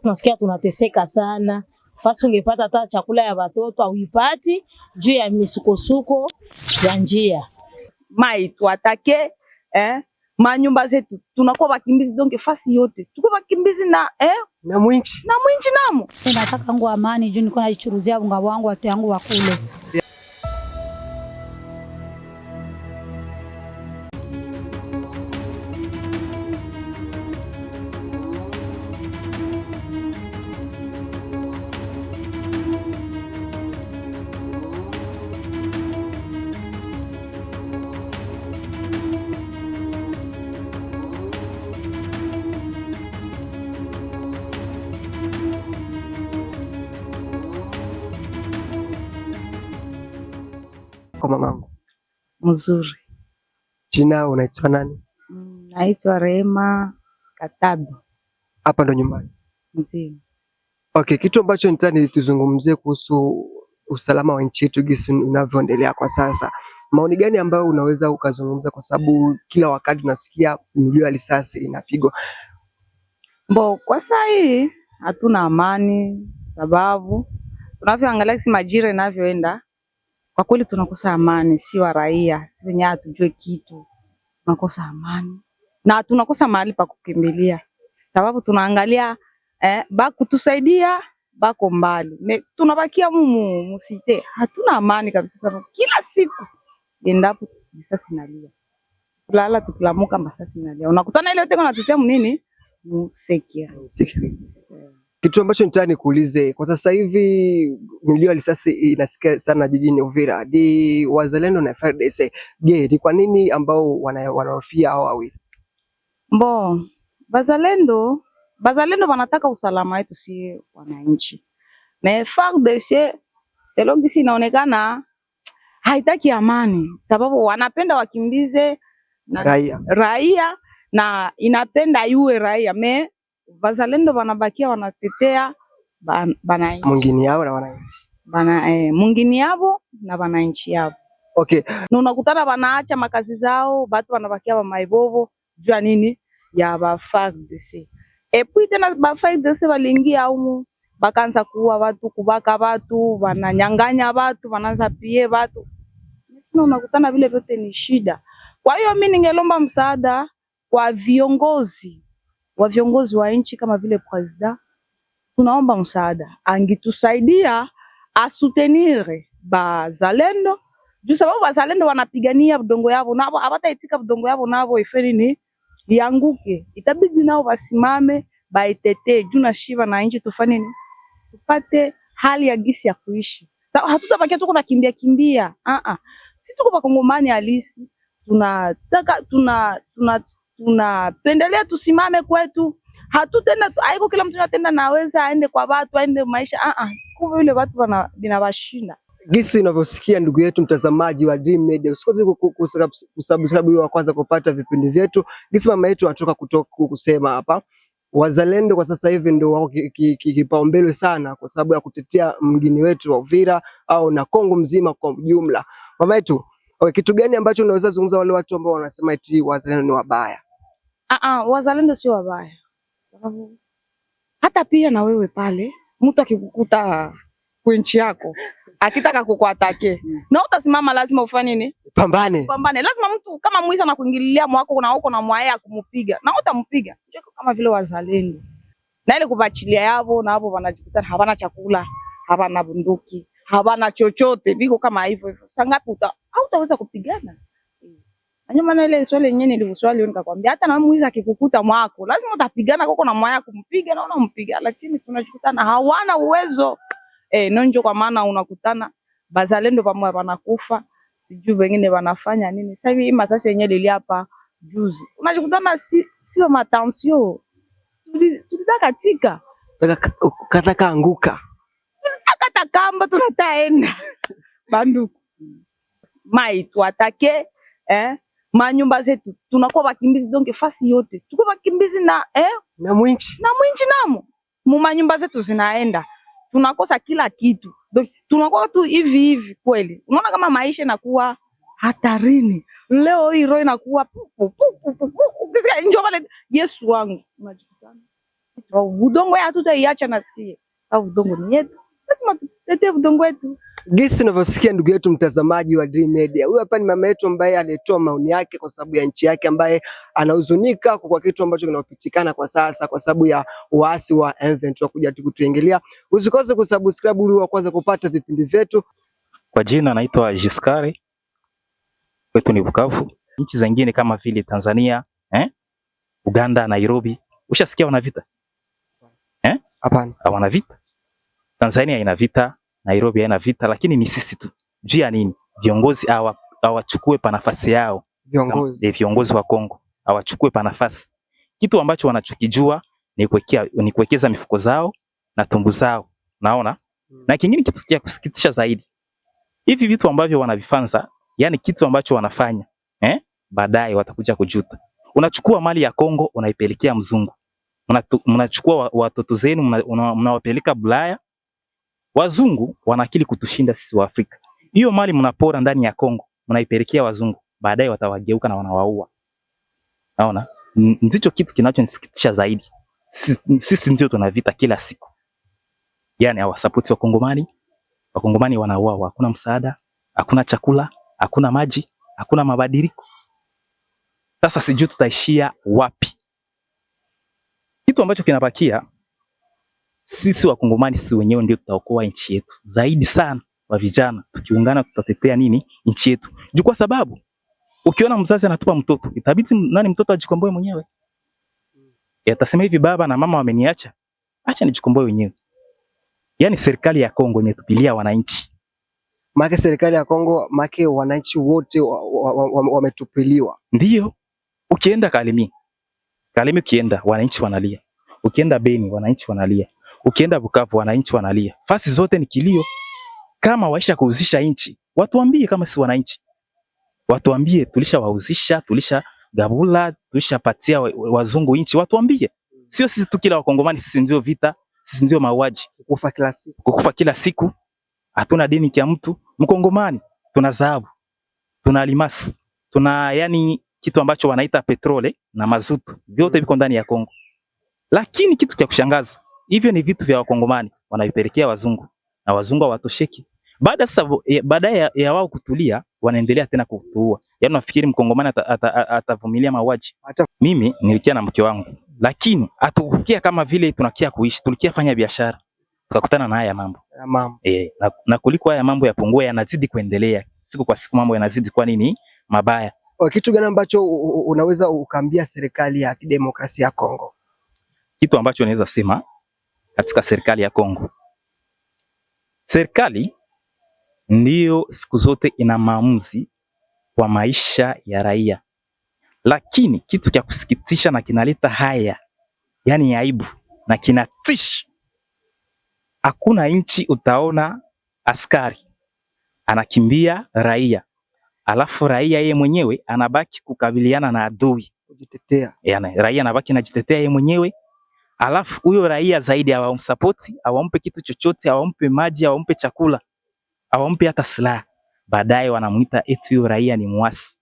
tunasikia tunateseka sana, basi ungepata hata chakula ya watoto auipati juu ya misukosuko ya njia mai tuatake eh, manyumba zetu tunakuwa wakimbizi donge fasi yote tuko wakimbizi na eh, na mwinchi na mwinchi namo nataka ngu amani juu niko najichuruzia bunga wangu watu yangu wakule kwa mamangu? Mzuri. Jina unaitwa nani? Mm, naitwa Rehema Katabi. Hapa ndo nyumbani? Ndio. Okay, kitu ambacho nitani tuzungumzie kuhusu usalama wa nchi yetu gisi unavyoendelea kwa sasa. Maoni gani ambayo unaweza ukazungumza, kwa sababu kila wakati unasikia milio ya risasi inapigwa mbo? Kwa saa hii hatuna amani, sababu tunavyoangalia kisi majira inavyoenda kwa kweli tunakosa amani, si wa raia, si wenyewe hatujue kitu, tunakosa amani na tunakosa mahali pa kukimbilia, sababu tunaangalia eh, bakutusaidia bako mbali Me, tunabakia mumu musite, hatuna amani kabisa, sababu kila siku endapo risasi nalia kulala tukilamuka masasi nalia, unakutana ile yote natutia mnini musekira kitu ambacho nitaka nikuulize kwa sasa hivi, milio ya risasi sana jijini Uvira, ni wazalendo na FARDC. Je, ni kwa nini ambao wanahofia hao wawili? Mbo wazalendo wazalendo wanataka usalama wetu, si wananchi. Me FARDC selogisi inaonekana haitaki amani, sababu wanapenda wakimbize na raia, raia na inapenda yue raia me Wazalendo wanabakia wanatetea mungini yao na wananchi bana eh, mungini yao na wananchi yao okay. Na unakutana wanaacha makazi zao, watu wanabakia wa maibovu jua nini ya ba FARDC puis tena ba FARDC waliingia humu bakaanza kuua watu, kubaka watu, wananyang'anya watu, wanaanza pia watu, na unakutana vile vyote ni shida. Kwa hiyo mimi ningelomba msaada kwa viongozi wa viongozi wa nchi kama vile president, tunaomba msaada, angitusaidia asutenire bazalendo juu sababu bazalendo wanapigania udongo yavo navo abataitika budongo yavo navo ifeni ni yanguke, itabidi nao basimame baitete juu na shiva na nchi tufanye nini, tupate hali ya gisi ya kuishi. Hatutabakia tuko na kimbia kimbia, ah ah, si tuko bakongomani halisi, tunataka tuna, tuna, tuna tunapendelea tusimame kwetu. Hatutenda haiko kila mtu anatenda naweza aende kwa watu aende maisha a a kumbe yule watu wana binawashinda. Gisi unavyosikia ndugu yetu mtazamaji wa Dream Media, usikose kusubscribe wa kwanza kupata vipindi vyetu. Gisi mama yetu anatoka kutoka kusema hapa, wazalendo kwa sasa hivi ndio wao kipaumbele ki, ki, sana kwa sababu ya kutetea mgini wetu wa Uvira au na Kongo mzima kwa ujumla. Mama yetu, okay, kitu gani ambacho unaweza zungumza wale watu ambao wanasema eti wazalendo ni wabaya? Ah ah, wazalendo sio wabaya, sababu hata pia na wewe pale mtu akikukuta kwenchi yako akitaka kukuatake na utasimama, lazima ufanye nini? Pambane, pambane. Lazima mtu kama mwizi anakuingililia mwako na uko na mwaya kumpiga na utampiga, kama vile wazalendo na ile kuvachilia yavo na hapo wanajikuta hawana chakula, hawana bunduki, hawana chochote, viko kama hivyo hivyo. Sangapi uta, hautaweza kupigana ndio maana ile swali yenyewe nilikuswali nikakwambia hata na mwizi akikukuta mwako lazima utapigana koko na mwaya kumpiga na unampiga, lakini tunachukutana hawana uwezo eh, nonjo kwa maana unakutana bazalendo pamoja wanakufa, sijui wengine wanafanya nini. Sasa hivi masasi yenyewe lili hapa juzi, Unachukutana si, sio matansio tulitaka tika kataka anguka tulitaka takamba tunataenda banduku mai tuatake eh manyumba zetu tunakuwa bakimbizi, donc fasi yote tuko bakimbizi na eh, na mwinchi na mwinchi namo mu manyumba zetu zinaenda, tunakosa kila kitu, donc tunakuwa tu hivi hivi. Kweli unaona kama maisha inakuwa hatarini. Leo hii roho inakuwa pupu pupu pupu, kisa njoo pale. Yesu wangu, unajikutana udongo yetu na sie au udongo ni yetu lazima tutetee udongo wetu. Gisi unavyosikia ndugu yetu mtazamaji wa Dream Media, huyu hapa ni mama yetu ambaye alitoa maoni yake kwa sababu ya nchi yake, ambaye anahuzunika kwa kitu ambacho kinapitikana kwa sasa kwa sababu ya waasi wa M23 kuja kutuingilia. Usikose kusubscribe ili uanze kupata vipindi vyetu. Kwa jina naitwa Jiskari, wetu ni Bukavu. Nchi zingine kama vile Tanzania eh, Uganda, Nairobi, ushasikia wana vita eh? Hapana, hawana vita Tanzania ina vita, Nairobi haina vita, lakini ni sisi tu. Juu ya nini? Viongozi hawachukue pa nafasi yao. Viongozi, eh, viongozi wa Kongo hawachukue pa nafasi. Kitu ambacho wanachokijua ni kuwekea ni kuwekeza mifuko zao na tumbu zao. Naona? Hmm. Na kingine kitu cha kusikitisha zaidi. Hivi vitu ambavyo wanavifanza, yani kitu ambacho wanafanya, eh? Baadaye watakuja kujuta. Unachukua mali ya Kongo unaipelekea mzungu. Mnachukua watoto zenu mnawapeleka Bulaya Wazungu wana akili kutushinda sisi wa Afrika. Hiyo mali mnapora ndani ya Kongo, mnaipelekea wazungu, baadaye watawageuka na wanawaua. Naona ndicho kitu kinachonisikitisha zaidi. Sisi, sisi ndio tuna vita kila siku, yani hawasapoti Wakongomani. Wakongomani wanauawa, hakuna msaada, hakuna chakula, hakuna maji, hakuna mabadiliko. Sasa sijui tutaishia wapi. Kitu ambacho kinabakia sisi Wakongomani sisi wenyewe ndio tutaokoa nchi yetu zaidi sana wa vijana tukiungana tutatetea nini nchi yetu. Juu kwa sababu ukiona mzazi anatupa mtoto, itabidi nani mtoto ajikomboe mwenyewe. Mm. Atasema hivi baba na mama wameniacha. Acha nijikomboe wenyewe. Yani serikali ya Kongo imetupilia wananchi. Maana serikali ya Kongo make wananchi wote wametupiliwa. Wa, wa, wa, wa ndiyo. Ukienda Kalemi. Kalemi ukienda wananchi wanalia. Ukienda Beni wananchi wanalia. Ukienda Bukavu wananchi wanalia, fasi zote ni kilio. Kama waisha kuuzisha nchi, watuambie. Kama si wananchi, watuambie, tulisha tulishawauzisha, tulisha gabula, tulisha patia wazungu nchi, watuambie. Sio sisi tu, kila wakongomani sisi ndio vita, sisi ndio mauaji, kukufa kila siku, kukufa kila siku. Hatuna dini kia mtu mkongomani, tuna dhahabu, tuna almasi, tuna yani kitu ambacho wanaita petrole na mazutu, vyote viko ndani ya Kongo, lakini kitu cha kushangaza hivyo ni vitu vya wakongomani wanavipelekea wazungu na wazungu hawatosheki. Baada sasa, baada ya, ya wao kutulia, wanaendelea tena kutuua. Yaani nafikiri mkongomani atavumilia ata, ata, ata, mauaji. Mimi nilikia na mke wangu, lakini atukia kama vile tunakia kuishi, tulikia fanya biashara, tukakutana na haya mambo ya mambo E, na, na kuliko haya mambo yapungue, yanazidi kuendelea siku kwa siku, mambo yanazidi kwa nini mabaya. Kitu gani ambacho unaweza ukaambia serikali ya kidemokrasia ya Kongo? Kitu ambacho naweza sema katika serikali ya Kongo. Serikali ndiyo siku zote ina maamuzi kwa maisha ya raia, lakini kitu cha kusikitisha na kinaleta haya, yaani aibu na kinatishi, hakuna nchi utaona askari anakimbia raia alafu raia yeye mwenyewe anabaki kukabiliana na adui, kujitetea. Yani, raia anabaki anajitetea yeye mwenyewe alafu huyo raia zaidi awamsapoti hawampe kitu chochote, hawampe maji, hawampe chakula, hawampe hata silaha, baadaye wanamwita eti huyo raia ni muasi.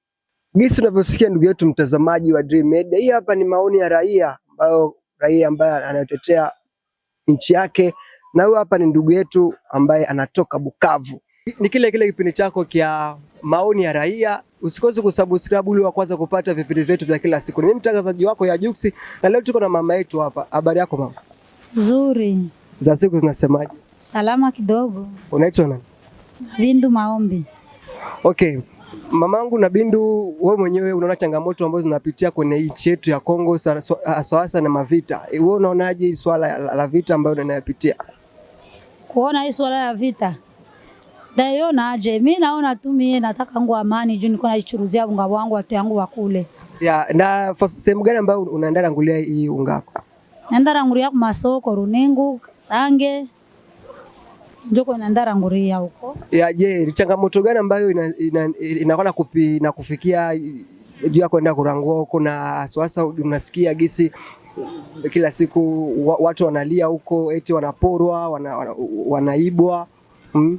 Gisi unavyosikia ndugu yetu mtazamaji wa Dream Media, hii hapa ni maoni ya raia ambayo raia ambaye anayotetea nchi yake, na huyu hapa ni ndugu yetu ambaye anatoka Bukavu. Ni kile kile kipindi chako kia maoni ya raia Usikose kusubscribe ili wa kupata vipindi vyetu vya kila siku. Ni mimi mtangazaji wako ya Jux na leo tuko na mama yetu hapa. Habari yako mama? Nzuri. Za siku zinasemaje? Salama kidogo. Unaitwa nani? Bindu Maombi. Okay. Mamangu na Bindu, wewe mwenyewe unaona changamoto ambazo zinapitia kwenye nchi yetu ya Kongo sasa na mavita. Wewe unaonaje swala la vita ambayo unayopitia? Kuona hii swala ya vita Naiona aje? Mi naona tu mimi nataka ngu amani juu niko naichuruzia unga wangu watu yangu wakule. Ya, na sehemu gani ambayo unaenda rangulia hii unga wako? Naenda rangulia kwa masoko Runingu, Sange. Njoko inaenda rangulia huko. Ya, je, changamoto gani ambayo inakuwa ina, ina kupi na kufikia juu ya kwenda kurangua huko na sasa unasikia gisi kila siku watu wanalia huko eti wanaporwa, wana, wana, wanaibwa. Mm.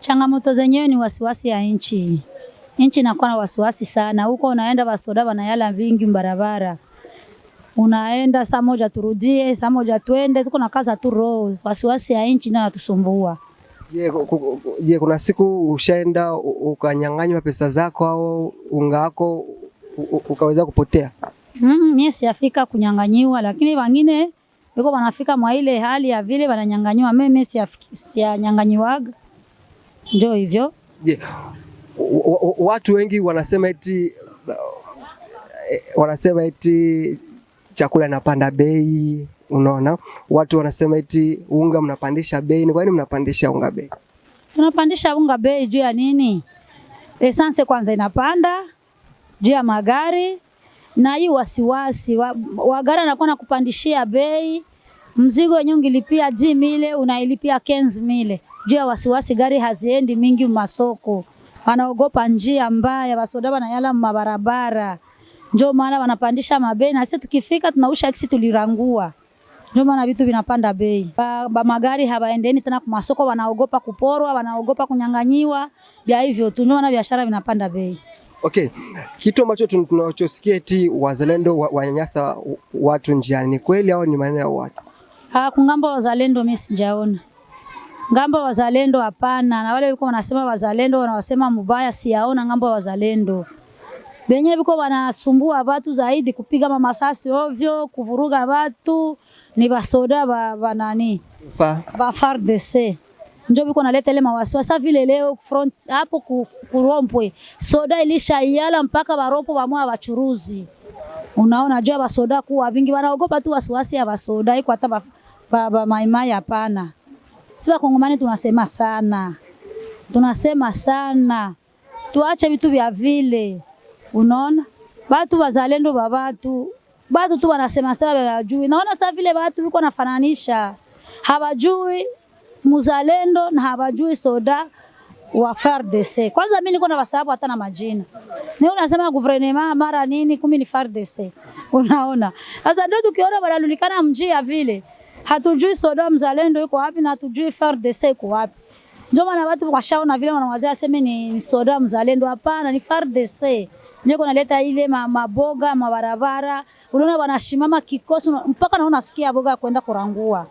Changamoto zenyewe ni wasiwasi ya nchi. Nchi inakuwa na wasiwasi sana, huko unaenda basoda wanayala vingi barabara, unaenda saa moja turudie, saa moja twende, tuko na kaza tu roho. Wasiwasi ya nchi ndio natusumbua. Je, je, kuna siku ushaenda ukanyang'anywa pesa zako au unga wako ukaweza kupotea? Mm, mimi siafika kunyang'anyiwa, lakini wengine iko wanafika mwa ile hali ya vile wananyang'anyiwa. Mimi sianyang'anyiwaga. Ndio hivyo. Je, yeah. Watu wengi wanasema eti eh, wanasema eti chakula inapanda bei, unaona? Watu wanasema eti unga mnapandisha bei. Ni kwa nini mnapandisha unga bei? Tunapandisha unga bei juu ya nini? Esanse kwanza inapanda juu ya magari na hii wasiwasi wagari anakuwa kupandishia bei, mzigo wenyewe, ungilipia jimile unailipia kenzi mile juu ya wasiwasi, gari haziendi mingi masoko, wanaogopa njia mbaya, basoda wanayala mabarabara, ndio maana wanapandisha mabei, na sisi tukifika tunausha kisi tulirangua, ndio maana vitu vinapanda bei ba, ba magari habaendeni tena kumasoko, wanaogopa kuporwa, wanaogopa kunyanganyiwa, vya hivyo tu maana biashara vinapanda bei. Okay, kitu ambacho tunachosikia eti wazalendo wanyanyasa watu njiani ni kweli au ni maneno ya watu? Ah, kungamba wazalendo mimi sijaona ngambo wazalendo hapana, na wale walikuwa wanasema wazalendo wanawasema mubaya, siyaona ngambo wazalendo benye biko wanasumbua watu zaidi kupiga mamasasi ovyo, kuvuruga watu ni basoda ba, ba nani ba FARDC njo biko naleta ile mawasiwasi. Sasa vile leo front hapo ku, kurompwe soda ilishaiala mpaka barompo bamwa bachuruzi. unaona jua basoda kuwa vingi wanaogopa tu wasiwasi ya basoda iko hata ba, ba, ba maimai hapana si wakongomani tunasema sana, tunasema sana, tuache vitu vya vile. Unaona watu wazalendo wa watu batu tu wanasema sana, hawajui. Naona sasa vile watu wiko nafananisha, hawajui muzalendo na hawajui soda wa FARDC. Kwanza mimi niko na wasababu hata na majina. Ni unasema gouvernement mara nini kumi ni FARDC. Unaona? Sasa ndio tukiona wanalulikana mjia vile hatujui soda mzalendo yuko wapi na hatujui FARDC iko wapi. Ndio maana watu wakashaona vile wanawazee aseme ni soda mzalendo, hapana, ni FARDC ndio kunaleta ile maboga mabarabara, unaona wanashimama kikosi mpaka naona nasikia boga kwenda kurangua.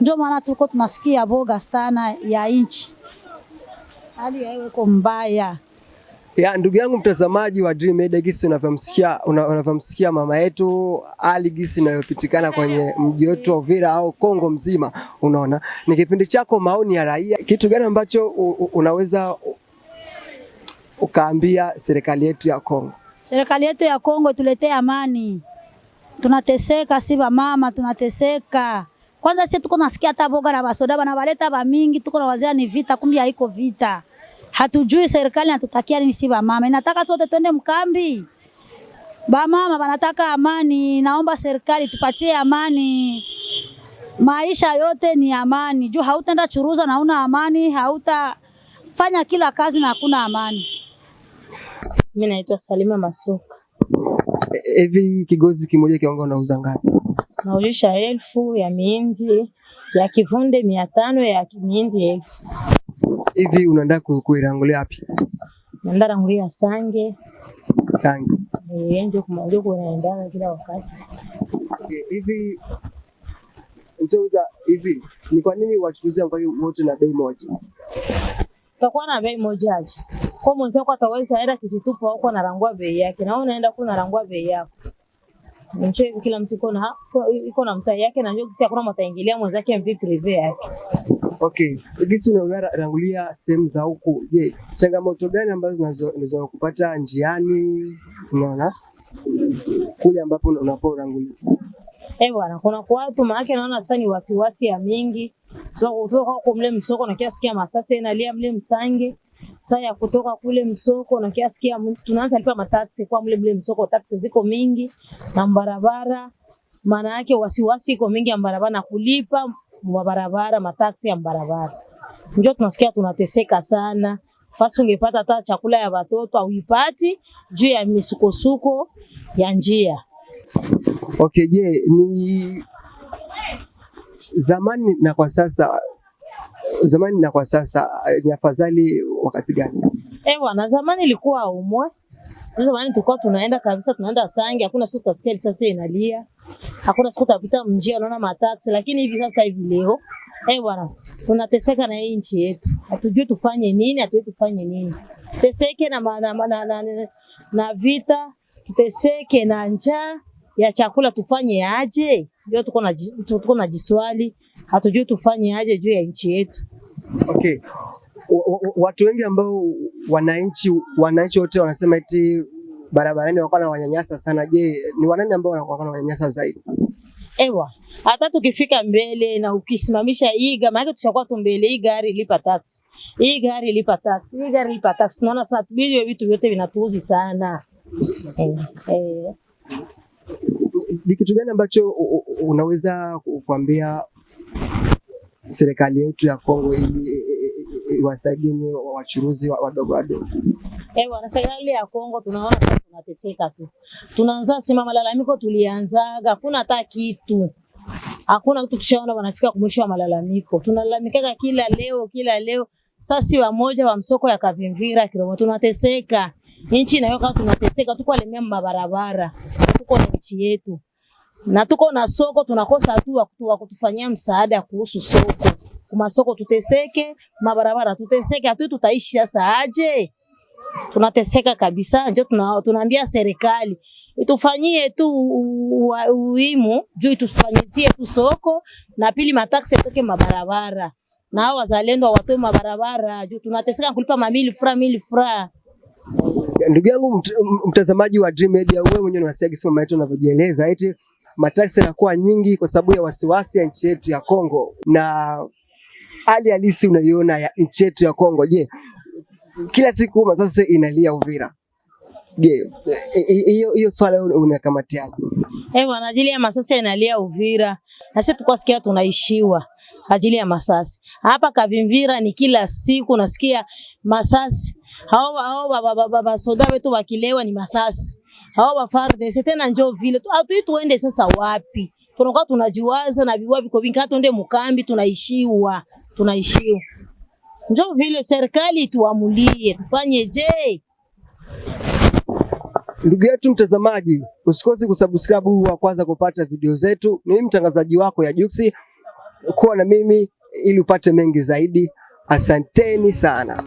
Ndio maana tuko tunasikia boga sana ya inchi, hali yao iko mbaya. Ya, ndugu yangu mtazamaji wa Dream Media, gisi unavyomsikia unavyomsikia mama yetu Ali gisi inayopitikana kwenye mji wetu wa Uvira au Kongo mzima, unaona ni kipindi chako maoni ya raia. Kitu gani ambacho unaweza ukaambia serikali yetu ya Kongo? Serikali yetu ya Kongo tuletee amani, tunateseka si mama, tunateseka kwanza. Sisi tuko nasikia hata boga na basoda banabaleta ba mingi, tuko na wazee ni vita, kumbe haiko vita hatujui serikali natutakia nini? Si bamama, inataka sote twende mkambi. Bamama wanataka amani, naomba serikali tupatie amani. Maisha yote ni amani, juu hautaenda churuza na una amani, hautafanya kila kazi na hakuna amani. Mimi naitwa Salima Masuka. Hivi kigozi kimoja kiwango unauza ngapi? Nauzisha elfu ya miindi ya kivunde mia tano ya miindi elfu Hivi unaenda kuirangulia wapi? Naenda rangulia Sange. Sange. Eh, ndio kama kumwambia kunaendana kila wakati. Okay, Hivi utauza hivi ni kwa nini wachukuzi wote na bei moja? Tutakuwa na bei moja aje? Kwa mwanzo kwa ataweza era kijitupa huko na rangua bei yake na wewe unaenda kule rangua bei yako. Nje kila mtu iko na iko na mtaa yake na njoo kisi hakuna mtaingilia mwenzake mvipi prive yake. Okay, gisi rangulia sehemu za huku, je, changamoto gani ambazo zinazokupata njiani? Unaona kule ambapo unapo rangulia Eh bwana, kuna kwa watu maana naona sasa ni wasiwasi ya mingi. So kutoka huko mle msoko na kiasi kia masasi inalia mle msange. Sasa ya kutoka kule msoko na kiasi kia tunaanza lipa mataksi kwa mle mle msoko, taksi ziko mingi na barabara. Maana yake wasiwasi iko mingi ya barabara na kulipa mabarabara, mataksi ya barabara. Njoo tunasikia tunateseka sana. Basi ungepata hata chakula ya watoto auipati juu ya misukosuko ya njia. Okay, je, ni zamani na kwa sasa zamani na kwa sasa eh, ni afadhali wakati gani? Eh, bwana, zamani ilikuwa umwe. Zamani tulikuwa tunaenda kabisa, tunaenda Sange, hakuna siku tutasikia risasi inalia hakuna siku utapita mjia unaona mataksi. Lakini hivi sasa hivi leo, eh bwana, tunateseka na hii nchi yetu, hatujui tufanye nini, hatujui tufanye nini, teseke na, na, na, na, na, na vita, teseke na njaa ya chakula, tufanye aje? Ndio tuko na jiswali, hatujui tufanye aje juu ya nchi yetu. Okay. Watu wengi ambao wananchi wananchi wote wanasema eti barabarani wako na wanyanyasa sana. Je, ni wanani ambao wanakuwa na wanyanyasa zaidi? ewa, hata tukifika mbele na ukisimamisha hii gari, maana tushakuwa tu mbele. Hii gari lipa tax. hii gari lipa tax. hii gari lipa tax. Naona sasa hivyo vitu vyote vinatuuzi sana eh, eh. Ni kitu gani ambacho unaweza kuambia serikali yetu ya Kongo ili iwasaidie wachuruzi wadogo wadogo? Eh, bwana, serikali ya Kongo tunaona tunateseka tu, tunaanza sema malalamiko tulianzaga, hakuna hata kitu hakuna kitu, tushaona wanafika kumwisho wa malalamiko, tunalalamikaga kila leo kila leo. Sasa si wamoja wa msoko ya Kavimvira Kiroma, tunateseka nchi inayoka, tunateseka tuko alemea mabarabara, tuko na nchi yetu na tuko na soko, tunakosa tu wa kutufanyia msaada kuhusu soko. Kumasoko tuteseke, mabarabara tuteseke, hatu tutaishi sasa aje? tunateseka kabisa, njo tuna, tunaambia serikali itufanyie tu uimu juu itufanyizie tu soko, na pili mataksi atoke mabarabara, na hao wazalendo watoe mabarabara juu tunateseka kulipa mamili fra mili fura. Ndugu yangu mtazamaji wa Dream Media, wewe mwenyewe unasikia sema yetu unavyojieleza, eti mataksi yanakuwa nyingi kwa sababu ya wasiwasi ya nchi yetu ya Kongo na hali halisi unayoiona ya nchi yetu ya Kongo. Je, kila siku Masasi inalia Uvira. Je, hiyo hiyo swala unakamatiaje? Eh, bwana, ajili ya Masasi inalia Uvira na sisi sikia tunaishiwa ajili ya Masasi hapa Kavimvira, ni kila siku nasikia Masasi hao hao basoda wetu wakilewa ni Masasi hao wa FARDC tena njo vile hatui tuende sasa wapi? Tunakuwa tunajiwaza na viwavi viko vingi, hata tuende mkambi tunaishiwa, tunaishiwa Njo vile serikali tuamulie tufanye je. Ndugu yetu mtazamaji, usikose kusubscribe wa kwanza kupata video zetu. Ni mtangazaji wako ya Jux, kuwa na mimi ili upate mengi zaidi. Asanteni sana.